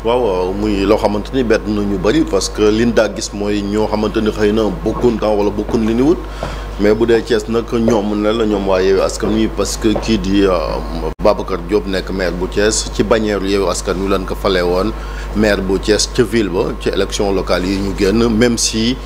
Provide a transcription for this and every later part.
waaw muy loo xamante ni bett na ñu bëri parce que liñ daa gis mooy ñoo xamante ni xëy na bokkun temps wala bokkun li ni wut mais bu dee cees nag ñoom ne la ñoom waa Yewwi Askan Wi parce que kii di euh, Babacar Diop nekk maire bu cees ci bannière Yewwi Askan Wi lañ ko falee woon maire bu cees ca ville ba ci élection locale yi ñu génn même si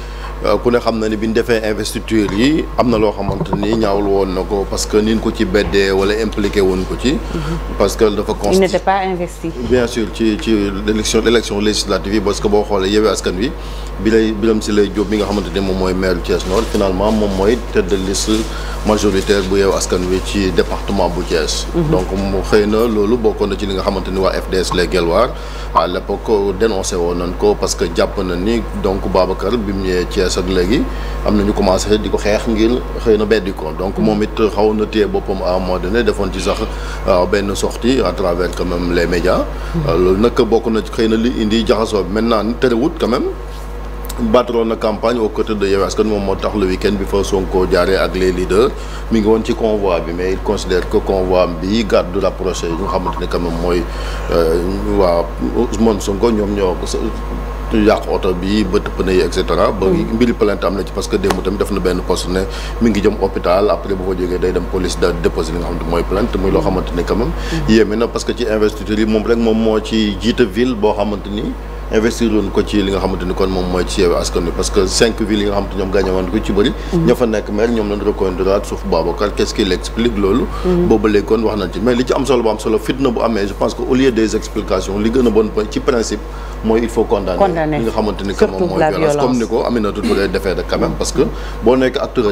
Euh, ku ne xam na ni bi ñu defee investiture yi am na loo xamante ni ñaawul woon na ko parce que ni ñu ko ci beddee wala impliqué woon ko ci. Mhm. parce que dafa constaté il n'était ci ci élection élection législative yi parce que boo xoolee Yewwi Askan Wi bi lay Birame Souleye Diop mi nga xamante ni moom mooy maire Thiès Nord finalement moom mooy tête de liste majoritaire bu Yewwi Askan Wi ci departement bu Thiès. Mhm. donc mu xëy na loolu bokkoon na ci li nga xamante ni waa FDS les Guelwaar à l'époque dénoncé woon nañ ko parce que jàpp na ni donc Babacar bi mu ñëwee Thiès. 2013 ak léegi am na ñu commencé di ko xeex ngir xëy na beddi ko donc moom it xaw na téye boppam à un moment donné defoon ci sax euh, benn sortie à travers quand même les médias. Hmm. Euh, loolu nag bokk na xëy na li indi jaxasoo bi maintenant terewut quand même. battroon na campagne aux côtés de Yewwi Askan moom moo tax le week-end bi fa Sonko jaaree ak les leaders mi ngi woon ci convoi bi mais il considère que convoi bi gàddu rapproché ñu xamante ne quand même mooy euh, waa Ousmane Sonko ñoom ñoo ñu yàq oto bi bëtt pneu yi et cetera. ba mm. mbiri plainte am na ci parce que démb tamit def na benn poste ne mi ngi jëm hôpital après bu fa jógee day dem police da nga xamante mooy plainte muy loo mm. xamante ni quand même. Mm. yéeme na parce que ci investiture yi moom rek moom moo ci jiite ville boo xamante ni. investir loon ko ci li nga xamante kon moom mooy ci yeewu askan wi parce que cinq nga xamante ko ci bëri mm-hmm. ña fa nekk maire ñoom lañ reconnaître suuf Babacar qu'est-ce qu'il explique loolu mm-hmm. booba léegi wax nañ ci mais li ci am solo bu am solo bu amee je pense que au lieu des explications li gën a bon ci principe mooy il faut condamner li nga xamante ni quand mooy violence comme ni ko Aminata Touré mm-hmm. defee rek quand parce que boo nekk acteur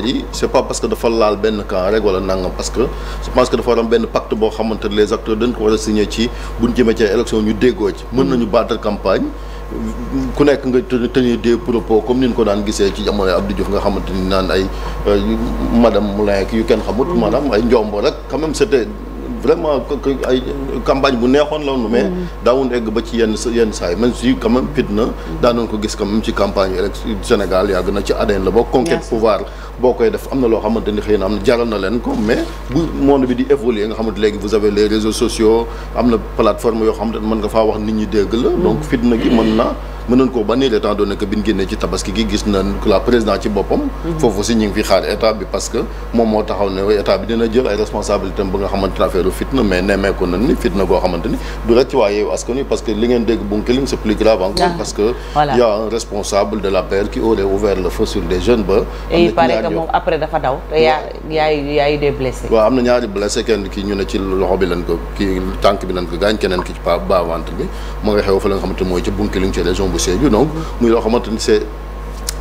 ku nekk nga tenir des propos comme niñ ko daan gisee ci jamono Abdou Diouf nga xamante ni naan ay euh, madame Moulin yu kenn xamut mm-hmm. maanaam ay njombo rek quand même c'était vraiment ay campagne bu neexoon loonu mais mm. daawun egg ba ci yenn yenn saa yi même si quand même fitna mm. daanoon ko gis quand même ci campagne élection Sénégal yàgg na ci ADN la boo conquête pouvoir boo koy def am na loo xamante ni xëy na am na jaral na leen ko mais bu monde bi di évoluer nga xamante léegi vous avez les réseaux sociaux am na plateforme yoo xamante mën nga faa wax nit ñi dégg la mm. donc fitna gi mën na mën nañ koo bannir étant donné que bi ñu génnee ci tabaski gi gis nañ président ci boppam mhm. foofu si ñu fi xaar état bi parce que moom moo taxaw ne état bi dina jël ay responsabilités ba nga xamante ne affaire fitna mais nemmeeku nañ ni ah, a responsable de la paire qui après dafa daw te am na ñaari blessé kenn ki ñu ne ci loxo bi lañ ko ki tànk bi lañ ko gaañ keneen ki ci pa bas ventre bi ma nga xew fa la nga xamante mooy ci bunkiling ci région bu Sédhiou donc muy loo xamante ni c'est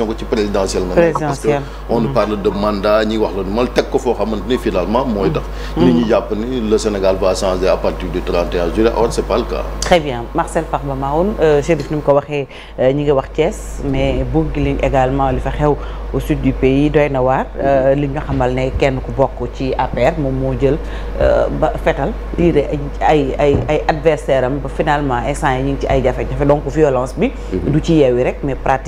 élection ko présidentielle nga nekk parce que on mm-hmm. de mandat ñi wax la mal teg ko foo xamante ni finalement mooy tax mm-hmm. nit ñi jàpp ni le Sénégal va changer à partir du 31 juillet or c'est pas le cas très bien Marcel Farba Maoun euh, Chérif ni mu ko waxee euh, ñi ngi wax Thiès mais mm-hmm. Bounkiling également li fa xew au sud du pays doy na waar euh, li nga xamal ne kenn ku bokk ci APR moom moo jël ba fetal tiire ay ay ay adversaire am ba finalement instant yi ñu ngi ci ay jafe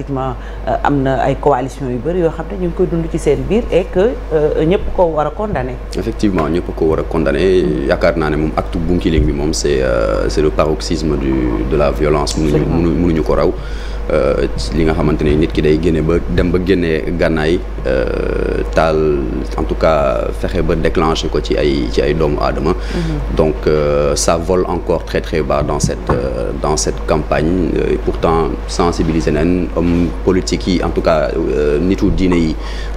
na ay coalition yu bëri yoo xam ne ñu ngi koy dund ci seen biir et que euh, ñëpp ko war a condamné effectivement ñëpp ko war a condamné yaakaar naa ne moom acte bu killing bi moom c'est euh, c'est le paroxysme du de la violence mënuñu mënuñu ko raw euh, li nga xamante ne nit ki day génne ba dem ba génnee gànnaay taal en tout cas fexe ba déclenché ko ci ay ci ay doomu aadama. Mhm. donc euh, ça vole encore très très bas dans cette euh, campagne euh, et pourtant sensibiliser nañ homme politique yi en tout cas nitu diine yi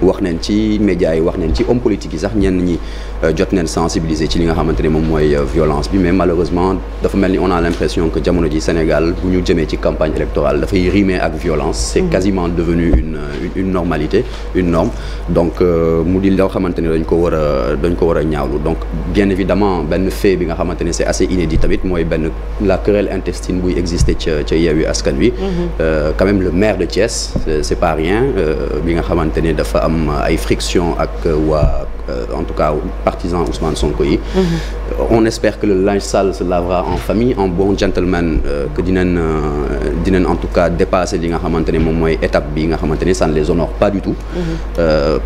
wax nañ ci médias yi wax nañ ci homme politique yi sax ñenn ñi jot nañ sensibiliser ci li nga xamante ne moom mooy violence bi mais malheureusement dafa mel ni on a l'impression que jamono ji Sénégal bu ñu jëmee ci campagne électorale dafay rimer ak violence. c'est mhm. quasiment devenu une normalité Euh, mu di loo xamante ne dañ ko war a ko war a ñaawlu donc bien évidemment benn fait bi nga xamante ne c'est assez inédit tamit mooy benn la querelle intestine buy exister ca ca Yewwi Askan Wi. Mm-hmm. Euh, quand même le maire de Thiès c'est pas rien euh, bi nga xamante ne dafa am ay friction ak waa en tout cas partisans Ousmane Sonko yi. Mm-hmm. on espère que le linge sale se lavera en famille en bon gentleman euh, que euh, dinañ en tout cas dépasser li nga xamante ne moom mooy étape bi nga xamante ne ça ne mm-hmm. euh,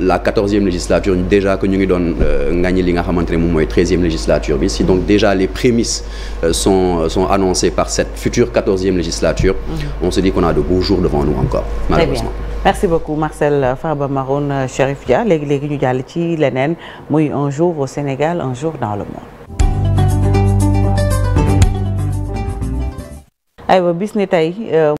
la quatorzième législature que ñu ngi doon ngañi li nga xamante treizième législature si déjà les prémices sont annoncées par cette future quatorzième législature. Mm-hmm. on se dit qu'on a de beaux jours devant nous encore malheureusement. merci beaucoup Marcel Farba Maroun euh, Chérif Dia léegi léegi ñu jàll ci leneen muy un jour au Sénégal un jour dans le monde. bis ni tey. Euh,